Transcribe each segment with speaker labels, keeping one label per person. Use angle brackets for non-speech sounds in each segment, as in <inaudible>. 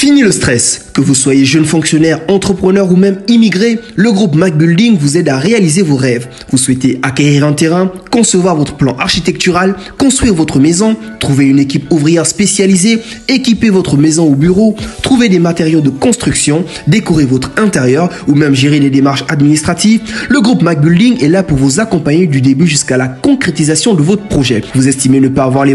Speaker 1: Fini le stress. Que vous soyez jeune fonctionnaire, entrepreneur ou même immigré, le groupe Mac Building vous aide à réaliser vos rêves. Vous souhaitez acquérir un terrain, concevoir votre plan architectural, construire votre maison, trouver une équipe ouvrière spécialisée, équiper votre maison ou bureau, trouver des matériaux de construction, décorer votre intérieur ou même gérer les démarches administratives. Le groupe Mac est là pour vous accompagner la concrétisation de votre projet. Vous estimez ne pas avoir les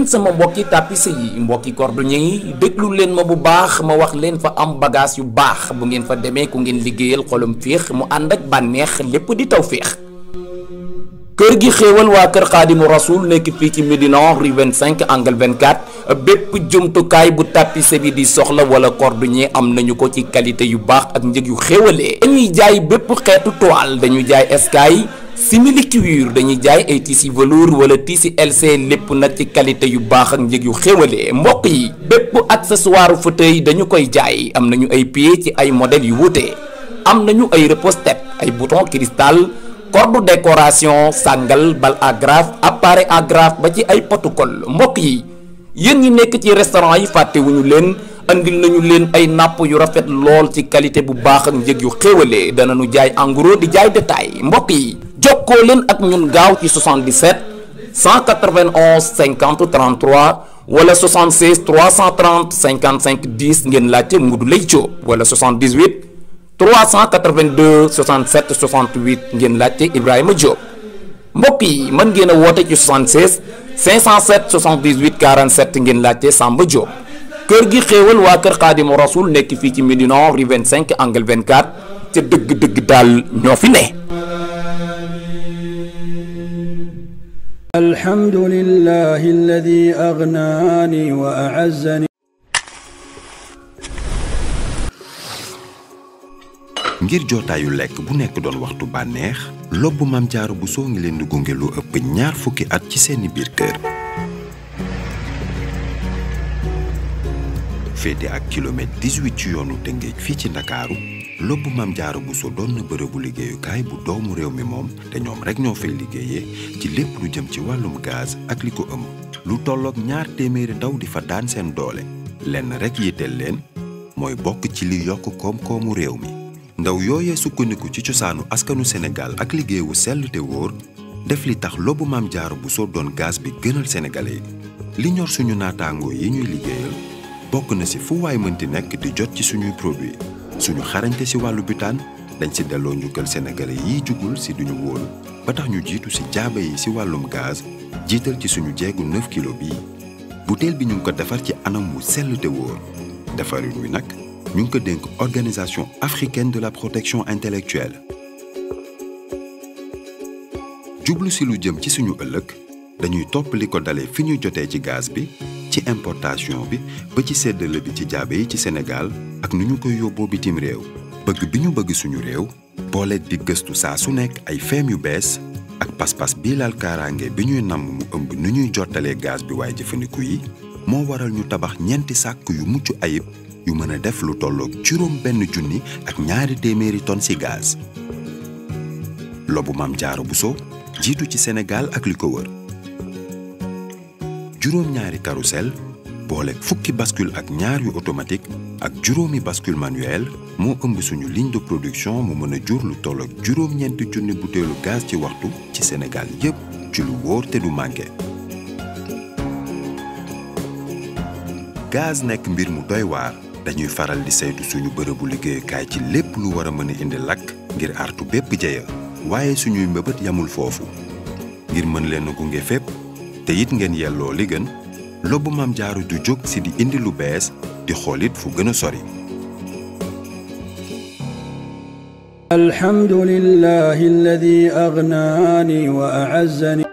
Speaker 2: yéen sama mbokki tapis yi mbokki cordonnier yi déglu leen ma bu baax ma wax leen fa am bagage yu baax bu ngeen fa demee ku ngeen liggéeyal xolum féex mu ànd ak bànneex lépp di taw féex kër gi xéewal waa kër xaadimu rasul nekk fii ci Médina rue 25 angle 24 bépp jumtukaay bu tapissier bi di soxla wala cordonnier am nañu ko ci qualité yu baax ak njëg yu xéewalee dañuy jaay bépp xeetu toile dañu jaay eskay simili cuir dañuy jaay ay tissu velours wala tissu LC lépp nag ci qualité yu baax ak njëg yu xéwale mbokk yi bépp accessoire fauteuil dañu koy jaay am nañu ay pieds ci ay modèles yu wuute am nañu ay repose ay bouton cristal corde décoration sàngal bal agrafe appareil agrafe ba ci ay protocole mbokk yi yéen ñi nekk ci restaurant yi fàttewuñu leen andil nañu leen ay napp yu rafet lool ci qualité bu baax ak njëg yu xéwalee danañu jaay en di jaay détail mbokk yi. jokkoo leen ak ñun gaaw ci 77 191 50 33 wala 76 330 55 10 ngeen laajte Modou Leye Diop wala 78 382 67 68 ngeen laajte Ibrahima Diop mbokk yi mën ngeen a woote ci 76 507 78 47 Samba Diop kër gi xéewal waa kër Xaadimu Rasuul nekk fii ci Médina rue 25 angle 24 ca dëgg-dëgg daal ñoo fi ne.
Speaker 3: الحمد لله الذي أغناني وأعزني
Speaker 1: ngir jotaayu lekk bu nekk doon waxtu bànneex lobbu Maam bu Buso ngi leen di gunge lu ëpp ñaar fukki at ci seeni biir kër féete ak kilomètre 18 ci yoonu Tëngéej fii ci Ndakaaru lobbu maam bu buso doon na bërëbu liggéeyukaay bu doomu réew mi moom te ñoom rek ñoo fay liggéeyee ci lépp lu jëm ci wàllum gaz ak li ko ëmb lu tollook ñaar téeméeri ndaw di fa daan seen doole lenn rek yitteel leen mooy bokk ci li yokk koom-koomu réew mi ndaw yooyee sukkandiku ci cosaanu askanu Sénégal ak liggéeyu sell te wóor def li tax lobbu maam bu buso doon gaz bi gënal sénégalais li ñor suñu naataangoo yi ñuy liggéeyal bokk na si fu waay mënti nekk di jot ci suñuy produit suñu xarañte si wàllu butaan dañ si delloo njukkal sénégalais yiy jugul si duñu wóolu ba tax ñu jiitu si jaaba yi si wàllum gaz jiital ci suñu jeegu 9 kilo bii butéel bi ñu ngi ko defar ci anam wu sell te wóor defarin wi nag ñu ngi ko dénk organisation africaine de la protection intellectuelle jublu si lu jëm ci suñu ëllëg dañuy topp li ko dalee fi ñu jotee ci gaz bi ci importation bi ba ci séddale bi ci jaabe yi ci senegaal ak nu ñu koy yóbboo bitim réew bëgg bi ñu bëgg suñu réew boole di gëstu saa su nekk ay feem yu bees ak pas bii lal kaaraange bi ñuy namm mu ëmb nu ñuy jottalee gaz bi waaye jëfandiku yi moo waral ñu tabax ñeenti sàkk yu mucc ayib yu mën a def lu tollook juróom benn junni ak ñaari téeméeri tonnes ci gaz lobu jaaro bu Buso jiitu ci Sénégal ak li ko wër juróom-ñaari carrousel boole fukki baskul ak ñaar yu automatique ak juróomi baskul manuel moo ëmb suñu ligne de production mu mën a jur lu toll ak juróom-ñeenti junni butéelu gaz ci waxtu ci senegal yépp ci lu wóor te du manqué. gaz nekk mbir mu doy waar dañuy faral di saytu suñu bërëbu liggéeyukaay ci lépp lu war a mën a indi lakk ngir artu bépp jeya waaye suñuy mbëbët yamul foofu ngir mën leen a gunge fépp. te it ngeen yelloo li gën lobbu maam jaaru du jóg si di indi lu bees di xoolit fu gën a sori
Speaker 3: alhamdulillahi alladi agnaani wa a'azzani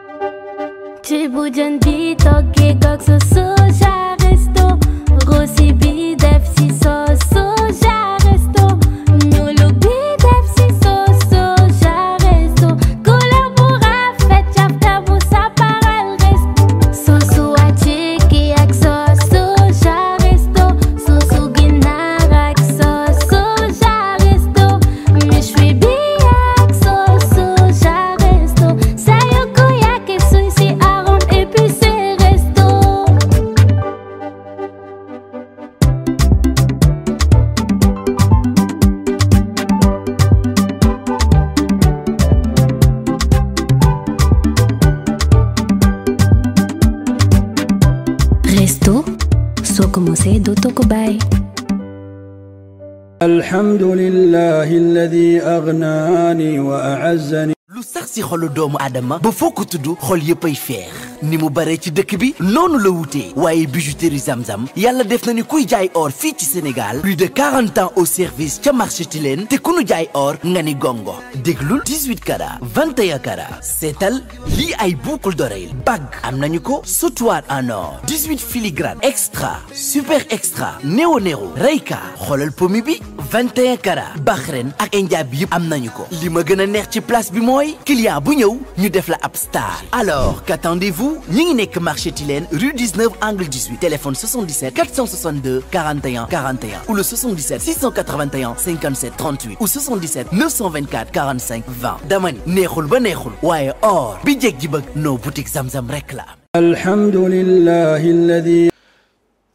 Speaker 3: français d'Otokobay.
Speaker 2: lu sax ci xolu doomu aadama ba foo ko tudd xol yëpp ay feex ni mu bare ci dëkk bi noonu la wutee waaye bijouterie zamzam yàlla def na ni kuy jaay or fii ci Sénégal plus de 40 ans au service ca marché Tilène te ku nu jaay or nga ni gongo déglul 18 carats 21 carats seetal lii ay boucle d'oreille bag am nañu ko sautoir en or 18 filigrane extra super extra néo néo reyka xoolal pomi bi 21 carats Bahreïn ak India bi yëpp am nañu ko li ma gën a neex ci place bi mooy client bu ñëw ñu def la ab star alors qu'attendez-vous tout ñi ngi nekk marché Tilène rue 19 angle 18 téléphone 77 462 41 41 ou le 77 681 57 38 ou 77 924 45 20 dama ni neexul ba neexul waaye or bi jég ji bëgg noo boutique Zamzam rek la
Speaker 3: alhamdulillahi alladi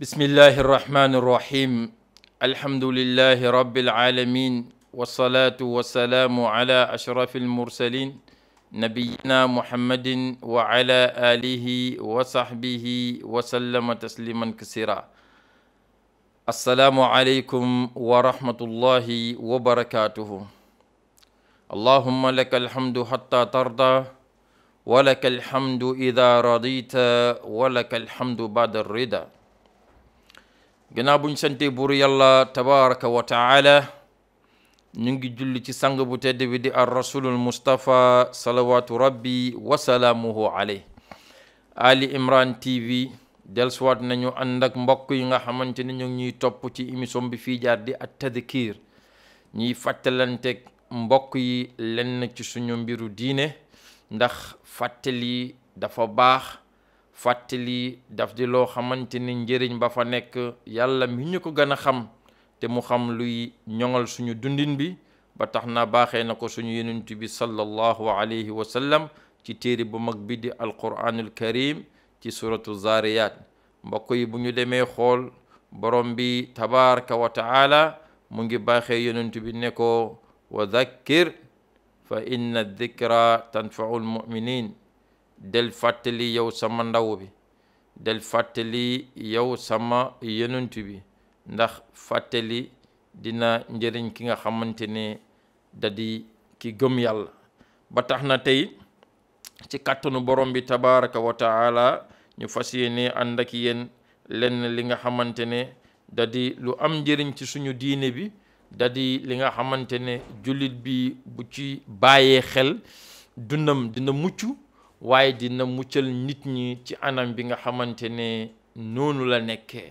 Speaker 3: bismillahi arrahmani arrahim alhamdulillahi rabbil alamin wassalatu wassalamu ala ashrafil mursalin nabiyina muhammadin wa ala alihi wa sahbihi wa sallama tasliman kasira assalaamu aleykum wa rahmatullahi wa barakatuhu allahumma laka alhamdu hatta tarda wa laka alhamdu ida radita wa laka alhamdu baada rida gannaaw buñ sante buur yàlla tabaraka wa taala ñu ngi julli ci sang bu tedd bi di ar rasulul mustapha salawaatu rabbi wasalaamuhu aley ali imran tv delsuwaat nañu ànd ak mbokk yi nga xamante ni ñu ngi ñuy topp ci émission bi fii jaar di ak at kiir ñuy fàttalanteeg mbokk yi lenn ci suñu mbiru diine ndax fàttali dafa baax fàttali daf di loo xamante ni njëriñ ba fa nekk yàlla mi ñu ko gën a xam te mu xam luy ñoŋal suñu dundin bi ba tax na baaxee na ko suñu yonent bi sallallahu alayhi wa ci téere bu mag bi di alquranul karim ci suratu zariyat mbokk yi bu ñu demee xool borom bi tabaraka wa mu ngi baaxee yonent bi ne ko wa dhakkir fa inna dikra tanfau lmuminin del fàttali yow sama ndaw bi del fàttali yow sama yonent bi ndax fàttali dina njëriñ ki nga xamante ne da di ki gëm yàlla ba tax na tey ci kàttanu borom bi tabaraka wa ñu fas yéene ànd ak yéen lenn li nga xamante ne da di lu am njëriñ ci suñu diine bi da di li nga xamante ne jullit bi bu ci bàyyee xel dundam dina mucc waaye dina muccal nit ñi ci anam bi nga xamante ne noonu la nekkee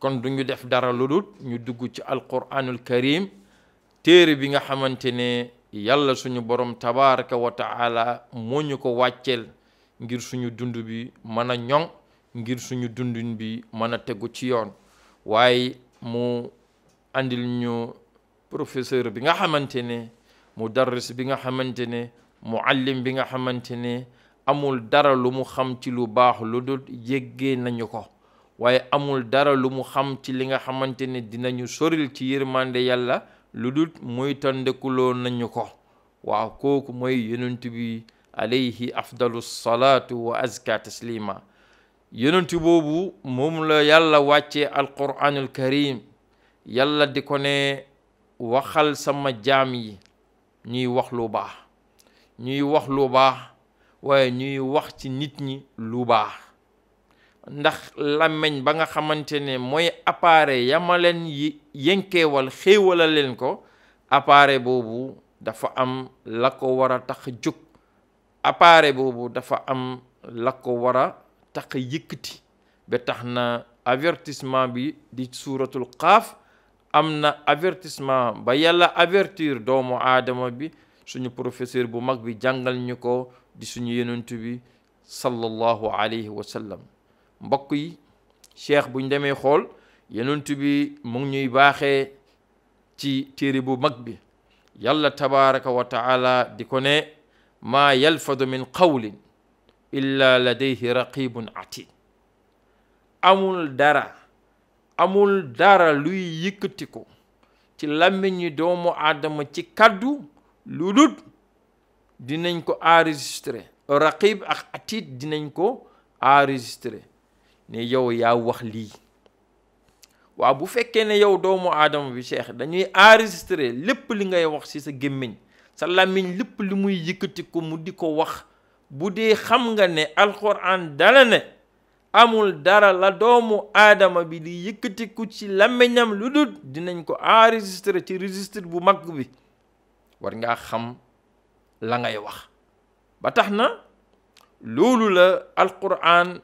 Speaker 3: kon du ñu def dara lu dul ñu dugg ci alquranul karim téere bi nga xamante ne yàlla suñu borom tabaraka wa taala moo ñu ko wàcceel ngir suñu dund bi mën a ñoŋ ngir suñu dundin bi mën a tegu ci yoon waaye mu andil ñu professeur bi nga xamante ne mudarris bi nga xamante ne muallim bi nga xamante ne amul dara lu mu xam ci lu baax lu dul jéggee nañu ko waaye amul dara lu mu xam ci li nga xamante ne dinañu soril ci yërmande yàlla lu dul muy tandekuloo nañu ko waaw kooku mooy yonent bi alayhi afdalu salaatu wa azka taslima yonent boobu moom la yàlla wàccee alquranul karim yàlla di ko ne waxal sama jaam yi ñuy wax lu baax ñuy wax lu baax waaye ñuy wax ci nit ñi lu baax ndax làmmiñ ba nga xamante ne mooy appareil yama leen yi yënkeewal xéewala leen ko appareil boobu dafa am la ko war a tax jóg appareil boobu dafa am la ko war a tax yëkkati ba tax na avertissement bi di suuratul xaaf am na avertissement ba yàlla avertir doomu aadama bi suñu professeur bu mag bi jàngal ñu ko di suñu yenentu bi sallallahu alayhi wa mbokk yi cheikh buñ demee xool yonent bi mu ngi ñuy baaxee ci téere bu mag bi yàlla tabaraka wa taala di ko ne ma yalfadu min qawlin illa ladayhi raqibun atid amul dara amul dara luy yëkkati ko ci làmmiñu doomu aadama ci kàddu lu dut dinañ ko enregistré raqib ak atid dinañ ko enregistré ne yow yaa wax lii waaw bu fekkee ne yow doomu aadama bi cheikh dañuy enregistré lépp li ngay wax ci sa gémmiñ sa làmmiñ lépp li muy yëkkati ko mu di ko wax bu dee xam nga ne alxuraan dala ne amul dara la doomu aadama bi di yëkkatiku ci làmmiñam lu dul dinañ ko enregistré ci registre bu mag bi war ngaa xam la ngay wax ba tax na loolu la alquran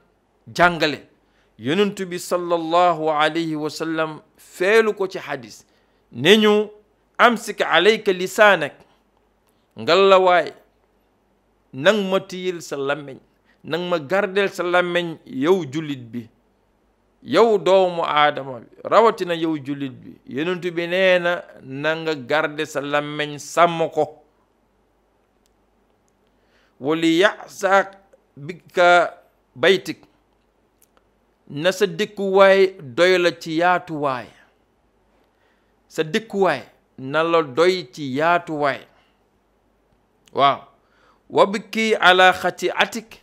Speaker 3: jàngale yonent bi sallallahu alayhi wa feelu ko ci xadis ne ñu amsik alayka lisaanak ngalla nang ma tiyil sa làmmiñ nang ma gardeel sa làmmiñ yow jullit bi yow doomu aadama rawatina yow jullit bi yonent bi nee na garde sa làmmiñ sàmm ko wali yaxsaak bikka baytik na sa dëkkuwaay doy la ci yaatuwaay sa dëkkuwaay na la doy ci yaatuwaay waaw wabki ala xati atik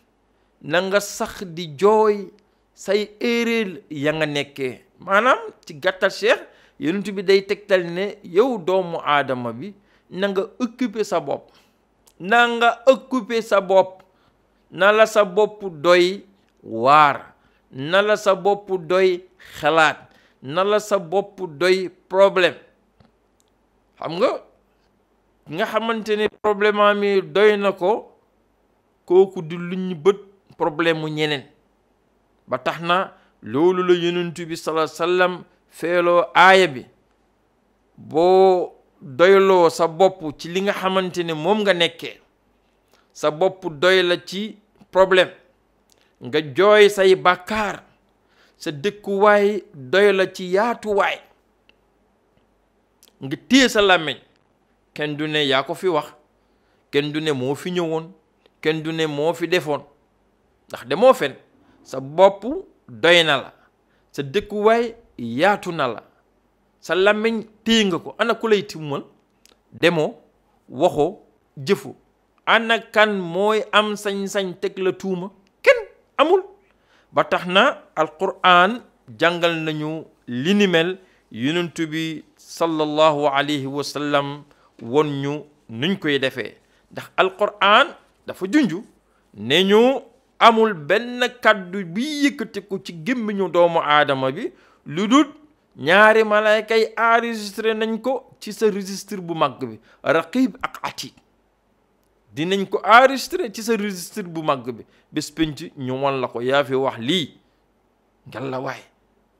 Speaker 3: na nga sax di jooy say éeréel ya nga nekkee maanaam ci gàttal cheikh yonent bi day tegtal ne yow doomu aadama bi na nga occuper sa bopp na nga occuper sa bopp na la sa bopp doy waar na la sa bopp doy xalaat na la sa bopp doy problème xam nga nga xamante ni problème mi doy na ko kooku di luñ bët problème mu ñeneen ba tax na loolu la yonent bi salaa sallam feeloo aaya bi boo doyloo sa bopp ci li nga xamante ne moom nga nekkee sa bopp doy la ci problème nga jooy say bàkkaar sa dëkkuwaay doy la ci yaatuwaay nga téye sa làmmiñ kenn du ne yaa ko fi wax kenn du ne moo fi ñëwoon kenn du ne moo fi defoon ndax demoo fen sa bopp doy na la sa dëkkuwaay yaatu na la sa làmmiñ téye nga ko ana ku lay timmal demoo waxoo jëfu ana kan mooy am sañ-sañ teg la tuuma amul ba tax na alquran jàngal nañu linimel ni mel bi sallallahu alayhi wa won ñu nuñ koy defee ndax alquran dafa junj ne ñu amul benn kàddu bi ko ci gémmiñu doomu aadama bi lu dul ñaari malayka yi enregistré nañ ko ci sa registre bu mag bi raqib ak atiid dinañ ko enregistré ci sa registre bu mag bi bés penc ñu wan la ko yaa fi wax lii ngal la waay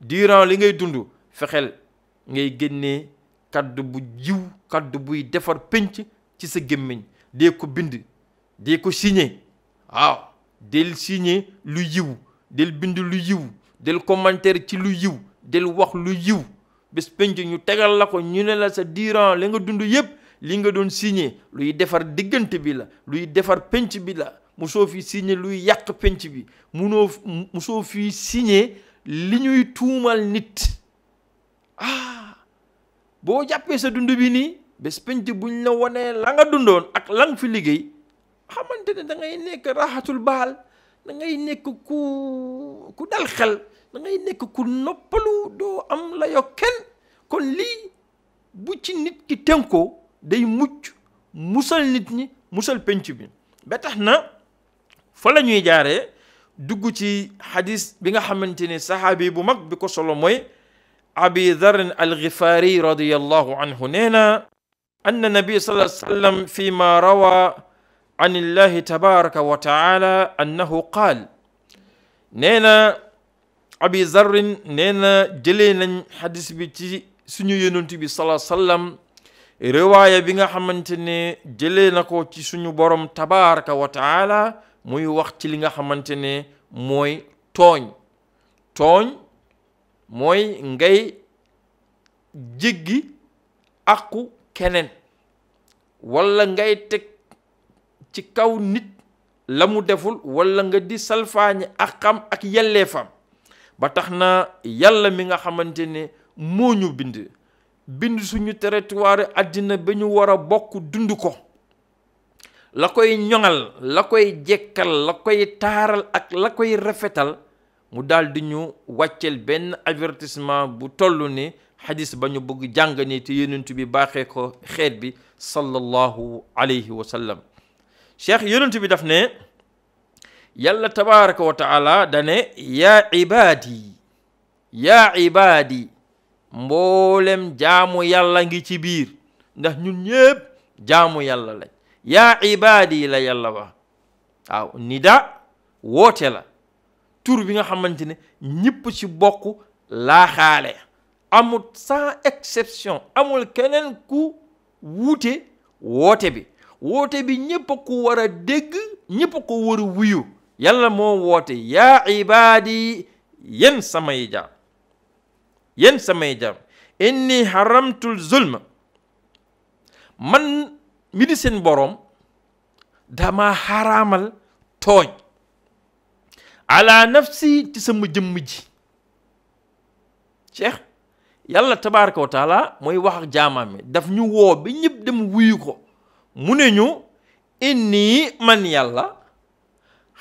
Speaker 3: durant li ngay dund fexeel ngay génnee kaddu bu jiw kaddu buy defar penc ci sa gémmiñ dee ko bind dee ko signé waaw del signé lu yiw del bind lu yiw del commentaire ci lu yiw del wax lu yiw bés penc ñu tegal la ko ñu ne la sa durant li nga dund yépp li nga doon signé luy defar diggante bi la luy defar penc bi la musoo fi signé luy yàq pénc bi munoo musoo fi signé li ñuy tuumal nit ah boo jàppee sa dund bi nii bés penc buñ la wanee la nga dundoon ak lan fi liggéey xamante ne dangay nekk raxatul baal dangay ngay nekk ku ku dal xel da nekk ku noppalu doo am la yo kon lii bu ci nit ki tënkoo day mucc musal nit ñi musal penc bi ba tax na fa la ñuy jaaree dugg ci xadis bi nga xamante ni saxaabi bu mag bi ko solo mooy abi darin algifaari radiallahu anhu nee na anna nabi sallallahu alayhi fi ma rawa an na abi darin nee na nañ xadis bi ci suñu yonent bi sallallahu alayhi wasallam riwaaya bi nga xamante ne jële na ko ci suñu boroom tabaraka wa muy wax ci li nga xamante ne mooy tooñ tooñ mooy ngay jéggi àqu keneen walla ngay teg ci kaw nit la mu deful walla nga di salfaañe àqam ak yelleefam ba tax na yàlla mi nga xamante ne moo ñu bind bind suñu territoire àddina ba ñu war a bokk dund ko la koy ñoŋal la koy jekkal la koy taaral ak la koy rafetal mu daldi ñu wàcceel benn avertissement bu toll ni xadis ba ñu bëgg jàng ni te yonent bi baaxee ko xeet bi sallallahu alayhi wa sallam cheikh yonent bi daf ne yàlla tabaraka wa dane yaa ibaadi yaa ibaadi mboolem jaamu yàlla ngi ci biir ndax ñun ñépp jaamu yàlla lañ yaa ibaadi la yàlla wax waaw nida woote la tur bi nga xamante ne ñëpp ci bokk laaxaale amul sans exception amul keneen ku wuute woote bi woote bi ñëpp a ko war ko war a wuyu yàlla moo woote yaa ibaadi yéen samay jaam yéen samay jaam inni haramtul zulma man mi di seen boroom dama xaraamal tooñ ala nafsi ci sama jëmm ji cheikh yàlla tabaraka wa mooy wax ak jaamaam mi daf ñu woo bi ñëpp dem wuyu ko mu ne ñu inni man yàlla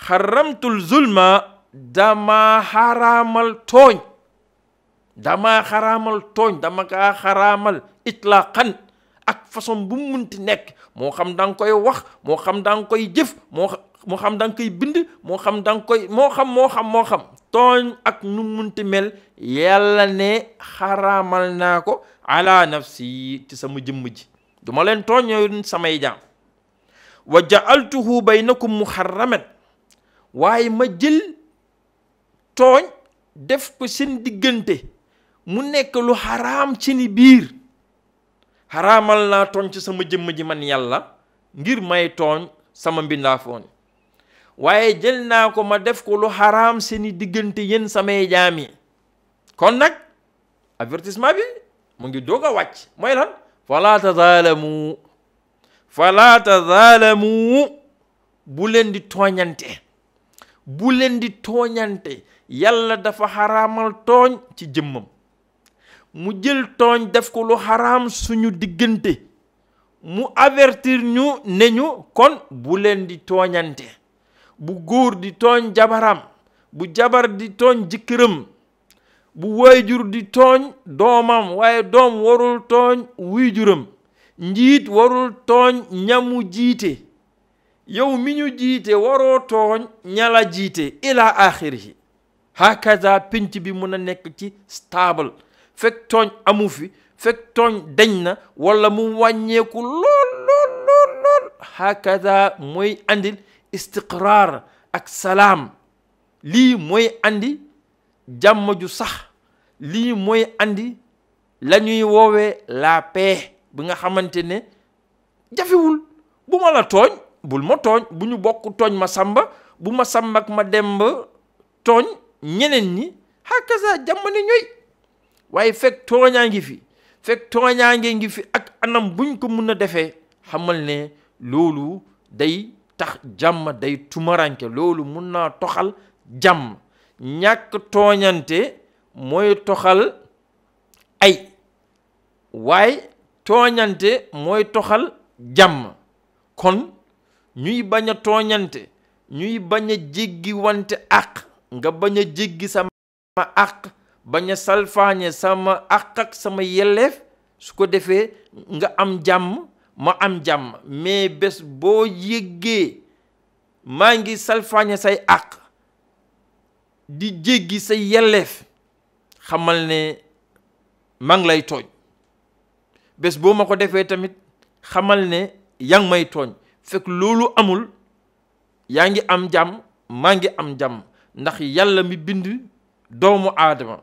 Speaker 3: xaramtul zulma dama xaraamal tooñ dama xaraamal tooñ dama kaa xaraamal itlaaqan ak façon bu mu munti nekk moo xam da koy wax moo xam da nga koy jëf moo xam da koy bind moo xam da koy moo xam moo xam tooñ ak nu munti mel yàlla ne xaraamal naa ko ala nafsi ci sama jëmm ji duma leen tooñoon samay jaam wa ja'altuhu baynakum muharraman waaye ma jël tooñ def ko seen diggante mu nekk lu xaraam ci ni biir xaraamal naa tooñ ci sama jëmm ji man yàlla ngir may tooñ sama mbindaafoon waaye jël naa ko ma def ko lu xaraam seeni diggante yéen samay jaam yi kon nag avertissement bi mu ngi doog a wàcc mooy lan falaa tazaalamu falaa tazaalamu bu leen di tooñante bu leen di tooñante yàlla dafa xaramal tooñ ci jëmmam mu jël tooñ def ko lu xaraam suñu diggante mu avertir ñu ne ñu kon bu leen di tooñante bu góor di tooñ jabaram bu jabar di tooñ jëkkëram bu waajur di tooñ doomam waaye doom warul tooñ juram njiit warul tooñ ñamu jiite yow mi ñu jiite waroo tooñ ñala jiite ila axirihi hakaza pénc bi mun a nekk ci stable fekk tooñ amu fi fekk tooñ dañ na walla mu wàññeeku lool lool lool lool mooy andil istiqraar ak salaam lii mooy andi jàmm ju sax lii mooy andi la ñuy woowee la paix bi nga xamante ne jafewul bu ma tooñ bu ñu bokk tooñ ma samba bu ma sàmbak ma demb tooñ ñeneen ñi hakaza jàmm ne waaye fekk tooñaa ngi fi fekk tooñaa ngi fi ak anam buñ ko mën a defee xamal ne loolu day tax jàmm day tumuraanke loolu mun naa toxal jàmm ñàkk tooñante mooy toxal ay waaye tooñante mooy toxal jàmm kon ñuy bañ a tooñante ñuy bañ a jéggi wante àq nga bañ a jéggi sama àq bañ a salfaañe sama àq ak sama yelleef su ko defee nga am jàmm ma am jàmm mais bés boo yëggee maa ngi salfaañe say àq di jéggi say yelleef xamal ne maa lay tooñ bés boo ma ko defee tamit xamal ne yaa ngi may tooñ fekk loolu amul yaa ngi am jàmm maa ngi am jàmm ndax yàlla mi bind doomu aadama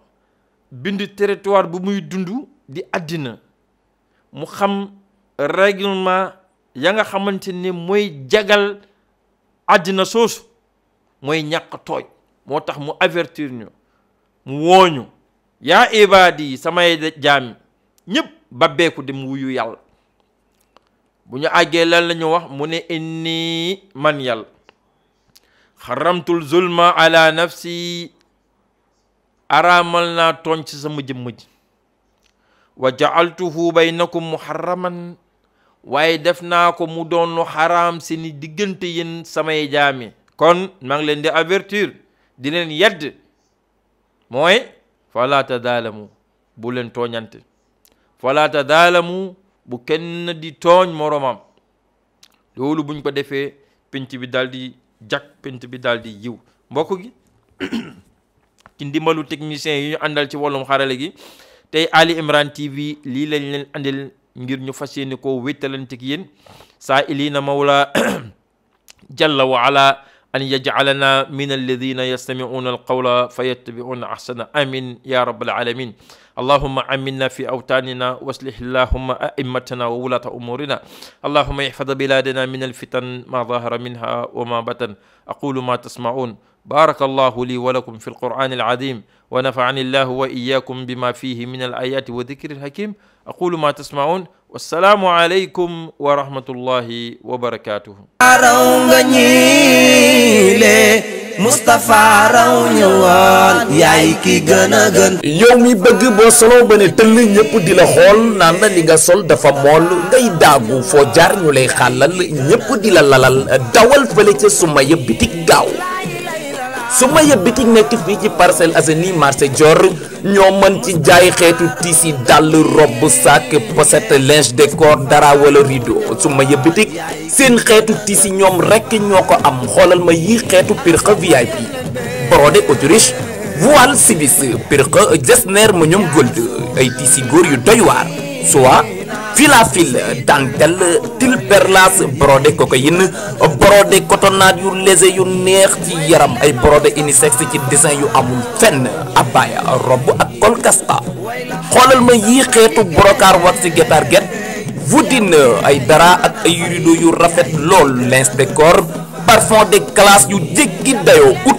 Speaker 3: bind territoire bu muy dund di àddina mu xam règlement ya nga xamante ne mooy jagal àddina soosu mooy ñàkk tooñ moo tax mu avertir ñu mu wooñu yaa ibaadi samay jaami ñëpp babbeeku dem wuyu yàlla bu ñu àggee lan la ñu wax mu ne inni man yàlla xaramtul zulma ala nafsi araamal naa tooñ ci sama jëmm ji wa jaaltuhu baynakum muharraman waaye def naa ko mu doon lu si ni diggante yéen samay jaami kon maa ngi leen di avertir di leen yedd mooy falaata daalamu bu leen tooñante fala tadaalamu bu kenn di tooñ moroomam loolu buñ ko defee pénc bi daldi di jak pénc bi daldi di yiw mbokk gi <clears throat> ci ndimbalu technicien yi ñu àndal ci wàllum xarale gi tey Ali Imran TV lii lañ leen andil ngir ñu fas yéene koo wéttalante ak yéen saa ilina mawla <clears throat> jalla wa an yajcalana min alladina yastamicuuna alqawla fa yattabicuuna axsana amin ya rabbal alamin allahuma aminna fi awtaanina w aslih allahuma aimmatana wa wulata umuurina allahuma ihfad bilaadana min alfitan ma dahara minha wa ma batan aqulu ma tasmacuun baraka allahu li wa lakum fi alqur'ani alazim wa nafacani allahu wa iyakum bima fihi min alayati wa dikri alhakim aqulu ma tasmacuun salaam aleykum wa rahmatullahi wa barakaatuhu raw nga
Speaker 2: ñiile Moustapha raw yaay ki gën gën yow mi bëgg boo solo ba ne tëll ñëpp di la xool naan la li nga sol dafa mool ngay daagu foo jaar ñu lay xàllal ñëpp di la lalal dawal fële ca suma yëpp gaaw su Soumaya bitik nekk fii ci parcelle Assainies marché Dior ñoo mën ci jaay xeetu tissu dàll robe sac pochette linge de corps dara wala rideau Soumaya bitik seen xeetu tissu ñoom rekk ñoo ko am xoolal ma yii xeetu pirxa VIP brodé autriche voile sivis pirxa jesner ma ñoom gold ay tissu góor yu doy waar soit Filafil dentelle til perlas brodé cocaïne brodé yu léger yu neex ci yaram ay brodé unisex ci dessin yu amul fenn abaya robb ak kolkasta xoolal ma yii xeetu brocart wax ci guétar guet wudin ay dara ak ay rideau yu rafet lool linge de corps parfum de classe yu jéggi dayoo ut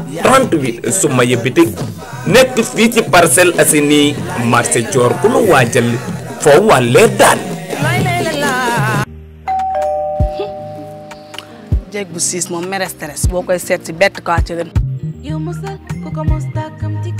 Speaker 2: 38 Sumaya bitik nekk fii ci Parcelles Assainies marché Dior boo
Speaker 1: koy seet si bett kaa ci gën.
Speaker 2: yow mosal ku ko mos dàkkamti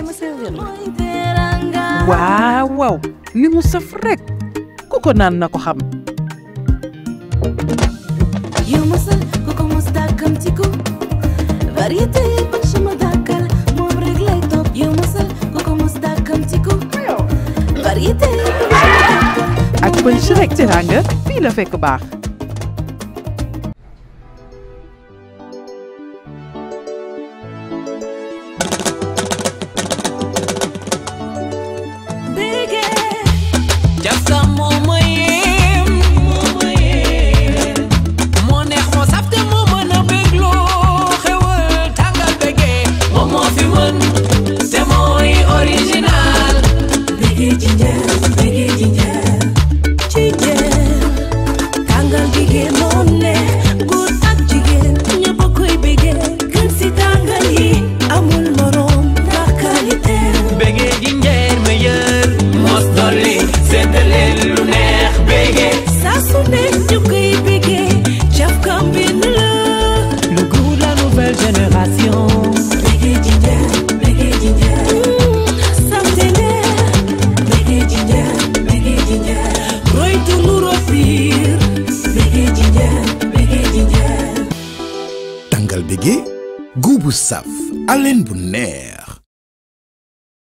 Speaker 2: kaay ma servir la waaw
Speaker 3: waaw li mu saf rek
Speaker 2: ku ko naan na ko xam yow mosal ku ko mos dàkkamtiku variété man sama dàkkal moom rek lay topp yow mosal ku ko mos dàkkamtiku variété
Speaker 3: ak pënc rek teraanga fii la fekk baax